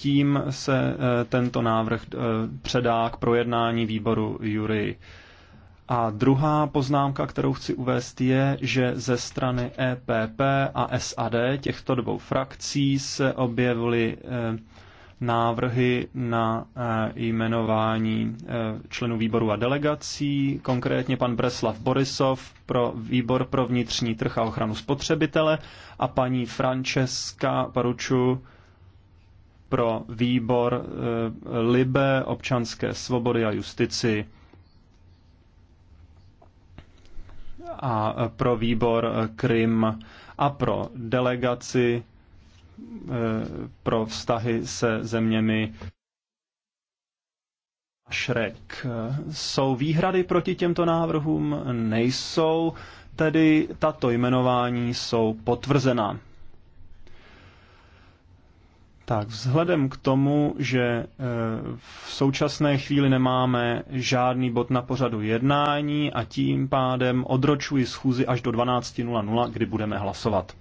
tím se eh, tento návrh eh, předá k projednání výboru Jury. A druhá poznámka, kterou chci uvést, je, že ze strany EPP a SAD těchto dvou frakcí se objevily eh, návrhy na jmenování členů výboru a delegací, konkrétně pan Breslav Borisov pro výbor pro vnitřní trh a ochranu spotřebitele a paní Francesca Paruču pro výbor eh, Libe, občanské svobody a justici a pro výbor eh, Krym a pro delegaci eh, pro vztahy se zeměmi Šrek. Jsou výhrady proti těmto návrhům? Nejsou, tedy tato jmenování jsou potvrzená. Tak vzhledem k tomu, že e, v současné chvíli nemáme žádný bod na pořadu jednání a tím pádem odročuji schůzi až do 12.00, kdy budeme hlasovat.